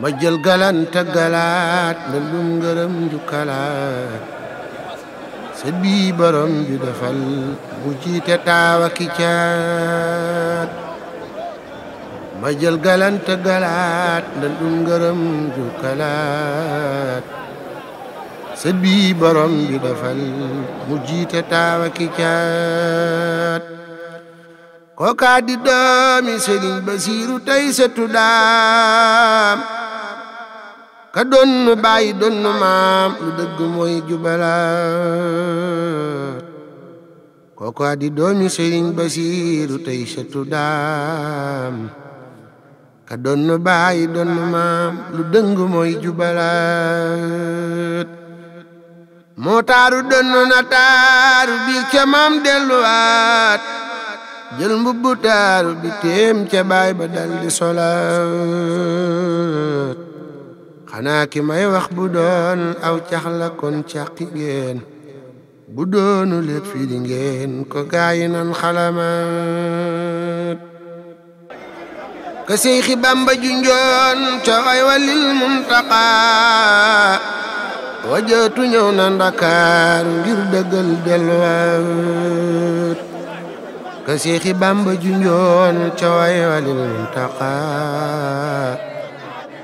ma jël galan tëggalaat na lum ngërëm njukkalaat sa bii defal mu jiite taawa ki caat ma jël galan tëggalaat na lum ngërëm njukkalaat sa bii defal mu jiite taawa ki caat kookaa di doomi Sëriñ Basiiru tey sa tuddaam ka doon bàyyi doon maam lu dëgg mooy jubalaat kooku a di doomi Sëriñ Basiiru tey sëtu daam ka doon bàyyi doon maam lu dëng mooy jubalaat moo taaru doon na taaru biir ca maam delluwaat jël mbubbu taaru bi téem ca baay ba dal di solaat xanaa ki may wax bu doon aw cax kon càqi ngeen bu doonu lépp fii di ngeen ko gaayi nan xalamaat ka seyxi bamba junjoon ca way walil muntaqa wajatu ñëw na ndakaar ngir dëggal delwaat ka seyxi bamba junjoon ca way walil muntaqa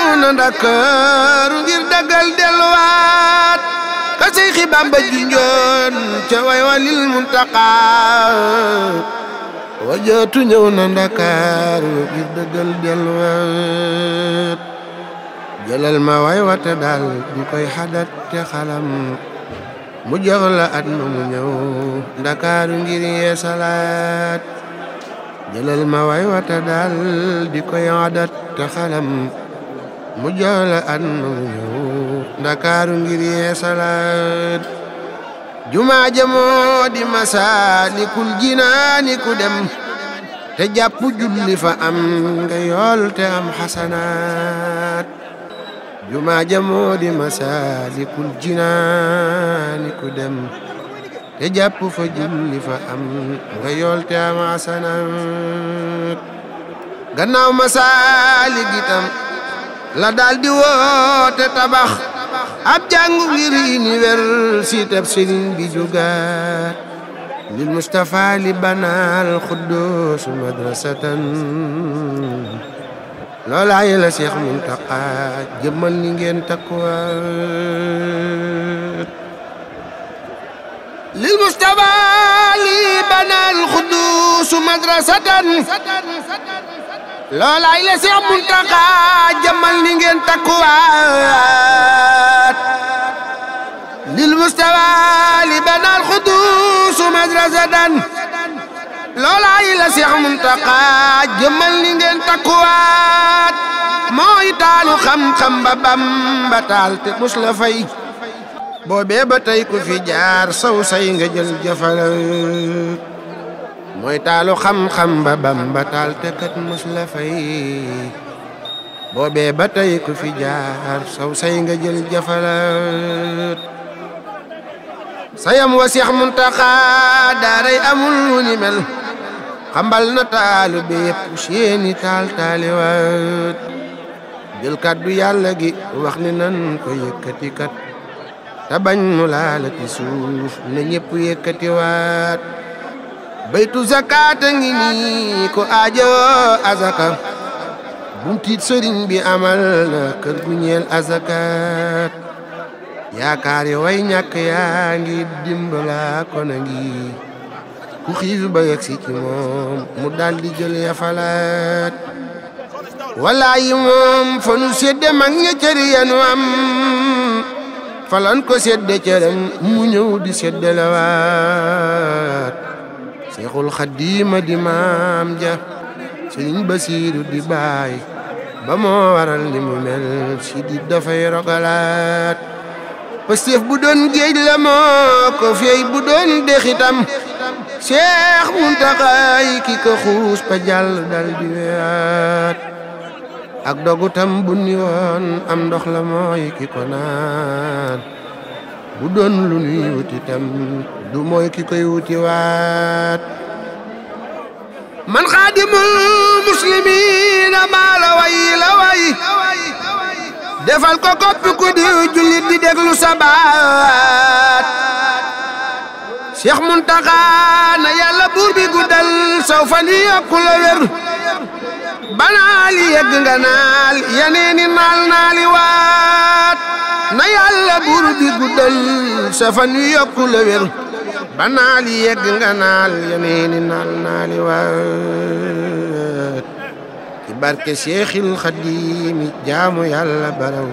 ñëw na ma way wate daal ñu koy xadat te xalam mu jox at ma mu ñëw Ndakaaru ngir yeesalaat jëlal ma way wate daal di koy adat te xalam mu joola an mu ndakaaru ngir yeesalaat jumaa ja masaalikul jinaani ku dem te jàpp julli fa am nga yool am xasanaat jumaa ja masaalikul jinaani ku dem te jàpp fa julli fa am nga yool te am xasanaat gannaaw masaalik itam la daldi woote tabax ab jàngu ngir université Serigne bi jugaat lil Mustafa li banaal xuddus madrasatan loola yi la Cheikh Muntaqa jëmmal ni ngeen takkuwaat lil Mustafa li banaal xuddus madrasatan loolaay la Seex Muntaxa jëmmal ni ngeen takkuwaat lil mustawa li banal xudus madrasatan loolaay la Seex Muntaxa jëmmal ni ngeen takkuwaat mooy taalu xam-xam ba Bamba taal te mus la fay boobee ba tey ku fi jaar saw say nga jël jëfal mooy taalu xam-xam ba Bamba taal te kat mos la ba tey ku fi jaar saw nga jël jafalaat sayam wa Seex Muntaxa daaray amul lu ni xambal na taalu bi yëpp seeni taal taaliwaat jël kàddu yàlla gi wax ni nan ko yëkkati kat bañ mu laala suuf ne ñëpp yëkkatiwaat baytu zakaata ngi nii ko aajo azaka bum tiit sëriñ bi amal na kër gu ñeel azakaat yaakaar way ñàkk yaa ngi dimbalaa ko na ngi ku xiif ba yegg si moom mu daal di jël yafalaat walaayi moom fa nu sédde mag ña cëri yanu am falan ko sédde cëram mu ñëw di sédde la waat seexul xadiima di maam ja sëriñ basiiru di baay ba moo waral li mu si di dafay rogalaat pastéef bu doon géej la moo ko fey bu doon dexitam seex muntaxaay ki ko xuus pa jàll dal di weyaat ak dogutam bu ni woon am ndox la mooy ki ko naan bu doon lu nuy wutitam du mooy ki koy wuti waat man xaadimul muslimiina maa la way la defal ko koppi ku di jullit di déglu sabaat Cheikh Muntaxa na yàlla buur bi guddal saw fan yi yokku la wér banaal yi yegg nga naal naal naali waat na yàlla buur bi guddal sa fan yi yokku la ba naal yi yegg nga naal yeneeni naal naali waat ci barke Seexil Xadiimi jaamu yàlla baraw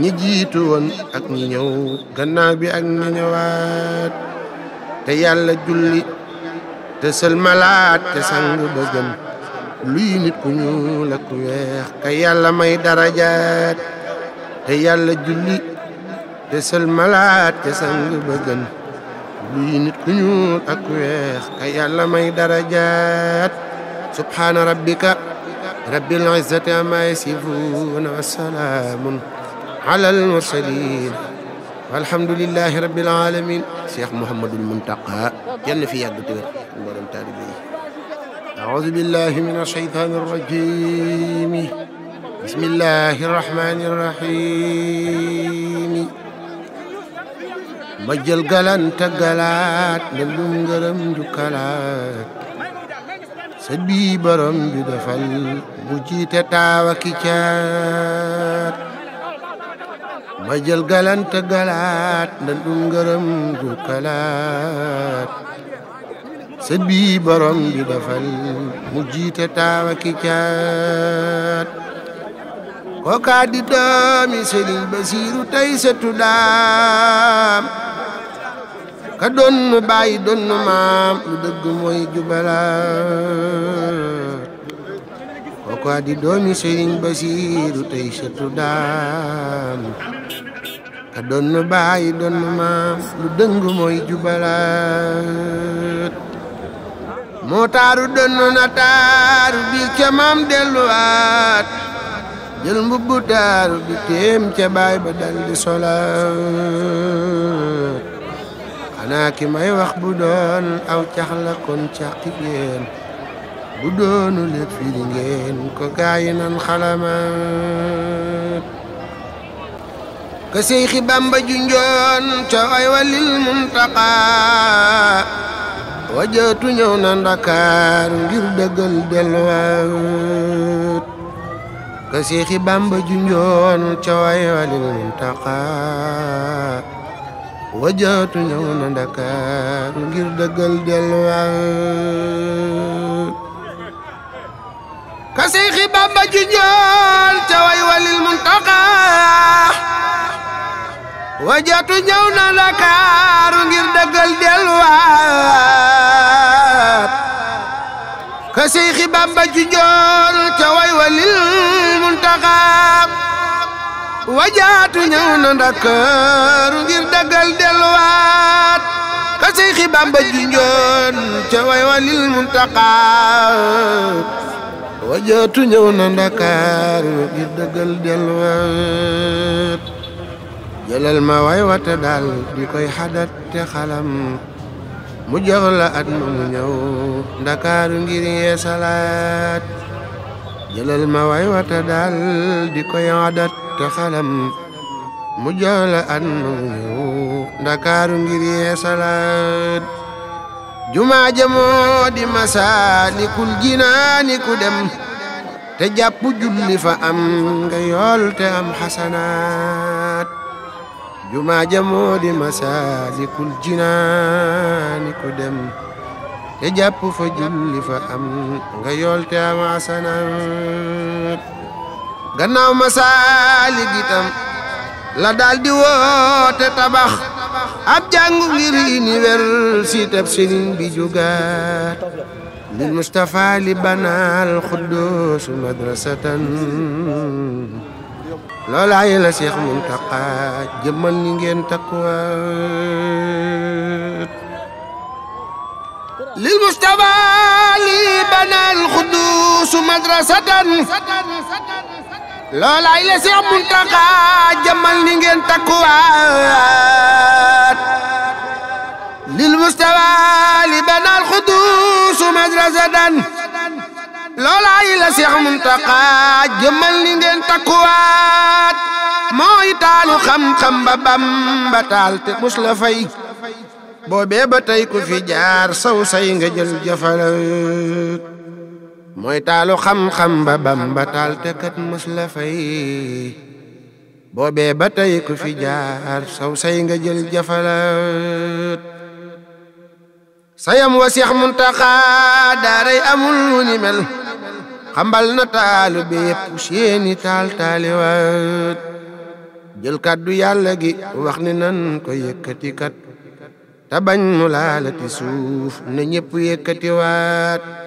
ñi jiitu woon ak ñi ñëw gannaaw bi ak ñi ñëwaat te yàlla julli te sëlmalaat te sang ba gëm luy ku ñuul ku weex ka yàlla may darajaat te yàlla julli te sëlmalaat te sang ba gëm lii nit ku ñuul ak weex ka yàlla may darajaat subhaana rabbika rabbil izzati amma yasifuun wa salaamun alal mursaliin walhamdulillahi rabbil alamin cheikh mouhamadul muntaqa yenn fi yàgg téwér mboolem taalibe yi aoudu billahi min asheytaani arrajim bismillahi arrahmani arrahim ma jël galanta galaat ne lum ngërëm jukkalaat sët bi borom bi jiite taawa jël galanta galaat bi borom bi kookaa di doomi Basiiru tey setu ka doon nu bàyyi doon nu maam lu dëgg mooy jubalaat kooku di doomi sëriñ Basiiru tey sëtu daam ka doon nu bàyyi doon nu maam mu dëng mooy jubalaat moo taaru doon na taaru biir ca maam delluwaat jël mbubbu taaru bi téem ca baay ba dal di xanaa may wax bu doon aw cax la kon càqi ngeen bu doonu lépp fi di ko gaayi nan xalamat ka Seyxi Bamba junjoon ca way walil muntaqa wajaatu ñëw na Ndakaar ngir dëggal delluwaat ka Seyxi Bamba junjoon ca way walil muntaqa wajaatu ñëw na Ndakaaru ngir dëggal ka Seyxi Bamba ju ca way walil Muntaqa wajaatu ñëw ka Seyxi Bamba ju ca way walil Muntaqa wajaatu ñëw na ndakaaru ngir daggal delluwaat ka say xibaam ba junjoon ca way walil muntaqa wajaatu ñëw na ndakaaru ngir daggal delluwaat jëlal ma way wata di koy xadat te xalam mu jox ma mu ñëw ndakaaru ngir yee salaat jëlal ma way wata di koy xadat te xanam mu joola annu ndakaaru ngir yeesalaat jumaa ja moo di Masaalikul Jinaani ku dem te jàpp julli fa am nga yool te am xasanaat jumaa ja moo di Masaalikul Jinaani ku dem te jàpp fa julli fa am nga yool te am xasanaat gannaaw masaalik itam la daldi woote tabax ab jàngu ngir université sëriñ bi jugaat lil Mustafa li banaal xudduus madrasatan la Seex Muntaqa jëmmal ñi ngeen takkuwaat lil Mustafa li banaal xudduus madrasatan loolaay la Seex Muntaxa jëmmal ni ngeen takkuwaat lil mustawa li banal xudus madrasatan loolaay la Seex Muntaxa jëmmal ni ngeen takkuwaat mooy taalu xam-xam ba Bamba taal te mus la fay ba tey fi jaar saw say nga mooy taalu xam-xam ba Bamba taal te la fay boobee ba tey ku fi jaar saw say nga jël jafalat sayam wa Seex Muntaxa daaray amul lu ni mel xambal na taalu bi yëpp seeni taal jël kàddu yàlla gi wax ni nan ko yëkkati kat bañ mu laalati suuf ne ñëpp yëkkatiwaat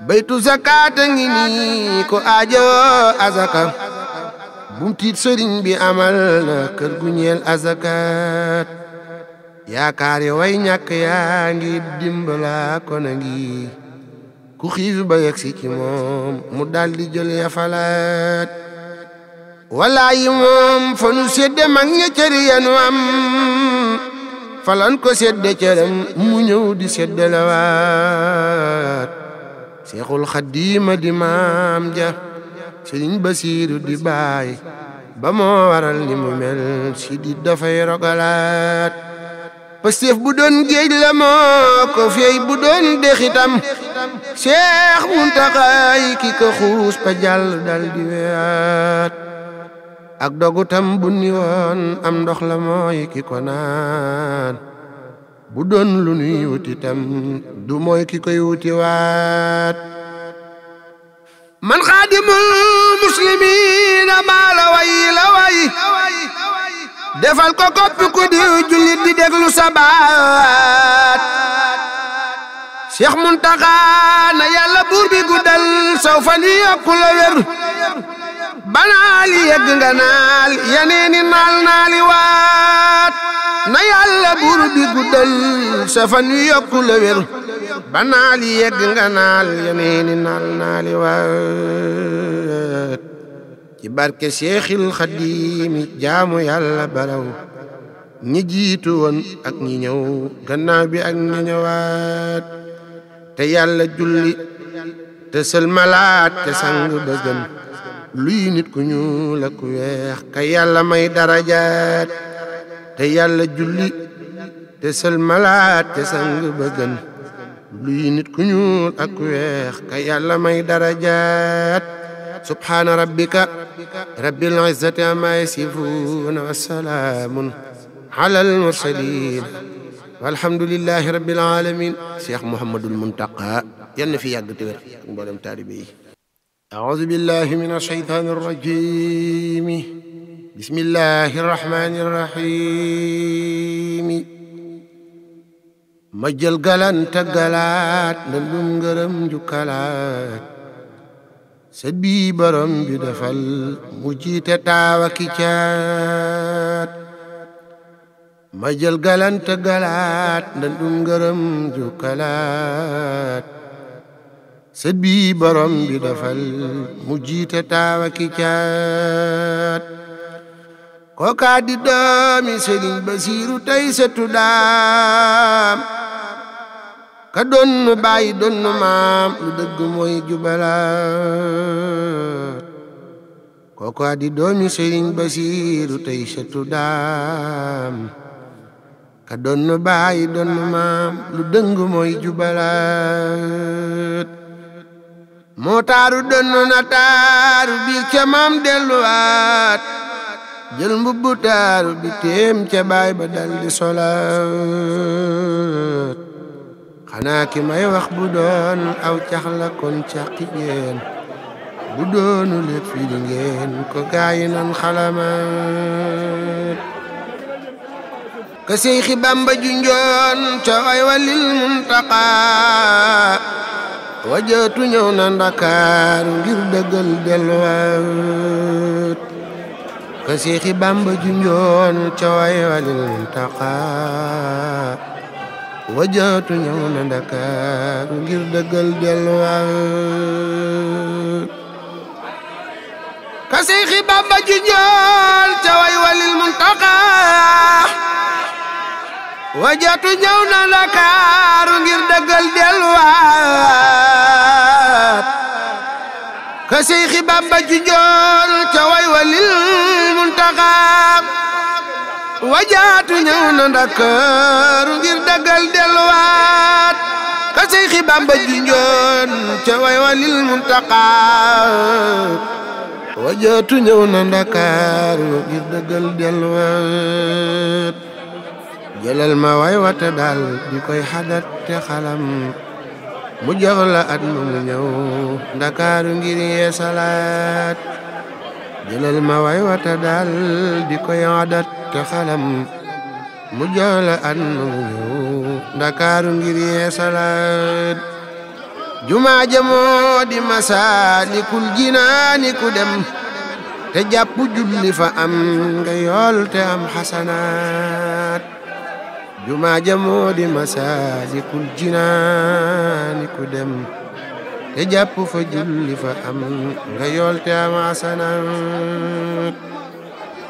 baytu zakaata ngi nii ko aajo azaka bum tiit sëriñ bi amal na kër gu ñeel azakaat yaakaar way ñàkk yaa ngi dimbala ko na ngi ku xiif ba yegsi ci moom mu daldi jël yafalaat walaayi moom fa nu sedde mag ña cëri yanu am falan ko sedde cëram mu ñëw di sedde lawaat seexul xadiima di maam ja sëriñ basiiru di baay ba moo waral ni mu si di dafay rogalaat pastéef bu doon géej la moo ko fey bu doon dexitam seex muntaxaay ki ko xuus pa dal di weyaat ak dogu tam bu am ndox la mooy ki ko naan bu doon lu nuy wuti tam du mooy ki waat man xaadimul muslimiina maa la way la defal ko koppi ku di jullit di déglu sabaat Cheikh Muntaxa na yàlla buur bi guddal saw la wér banaali yegg nga naal yaneeni naal naali waat na yàlla buur bi sa fan yu la wér banaali yegg nga naal yaneeni naal naali waat ci barke Seexil Xadiimi jaamu yàlla baraw ñi jiitu woon ak ñi ñëw gannaaw bi ak ñi ñëwaat te yàlla julli te sëlmalaat te sang ba luy nit ku ñuul ak ku weex ka yàlla may darajaat te yàlla julli te sëlmalaat te sang ba gën luy nit ku ñuul ak ku weex ka yàlla may darajaat subhaana rabbika rabbil izzati ammaa yasifuun wa salaamun alal mursaliin walhamdulillahi rabbil aalamiin cheikh mouhamadul muntaqa yann fi yàgg te wér mboolem taalibe yi أعوذ بالله من الشيطان الرجيم بسم الله الرحمن الرحيم majjal galan taggalaat ndandum ngërëm jukkalaat sët bi borom bi defal mu jiite taawa ki caat majjal galan taggalaat ndandum ngërëm jukkalaat sët bi borom bi dafal mu jiite taawa ki caat kookaa di doomi Sëriñ Basiiru tey sëtu daam ka doon nu maam lu dëgg mooy jubalaat kookaa di doomi Sëriñ Basiiru tey sëtu daam ka doon nu maam lu dëng mooy jubalaat moo taaru donnu na taaru biir ca maam delluwaat jël mbubbu bi téem ca baay ba dal di solaat xanaa ki may wax bu doon aw cax kon caqi ngeen bu doonu lépp ngeen ko gaayi nan xalamaat ka seyxi njoon ca way walil muntaqa wajaatu ñëw na ndakaaru ngir dëggal delluwaat ka Seexi Bàmba junjoon ca way walil Muntaqa ngir dëggal delluwaat ka Seexi Bàmba junjoon ca way walil Muntaqa wajatu ñëw na Ndakaaru wajaatu ñëw na Ndakaaru ngir dëggal jëlal ma way wata daal di koy xadat te xalam mu jox la mu mu ndakaaru ngir yee salaat jëlal ma way wata di koy xadat te xalam mu jox la mu mu ndakaaru ngir yee salaat jumaa jamoo di Masaalikul Jinaani ku dem te jàpp julli fa am nga yool am xasanaat jumaa ja moo di masaalikul jinaani dem te jàpp fa julli fa am nga yool te am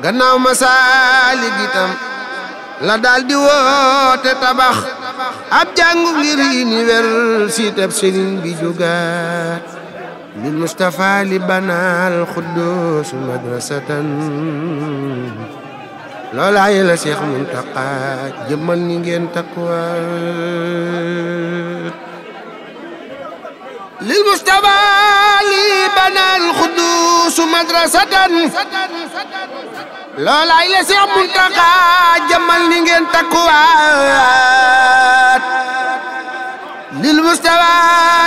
gannaaw masaalik la daldi woote tabax ab jàngu ngir université sëriñ bi jógaat lil Mustafa li banaal madrasatan loolaayi la Seex Muntaqa jëmmal ñi ngeen takkuwaat lil Mustafa li banal xuddus madrasatan loolaayi la Seex Muntaqa jëmmal ñi ngeen takkuwaat lil Mustafa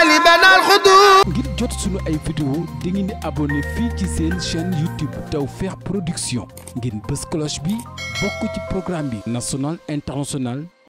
li banal xuddus ngir ay vidéo di ngeen di abonné fii ci seen chaîne YouTube Tawfekh Production ngir bës cloche bi bokk ci programme bi national international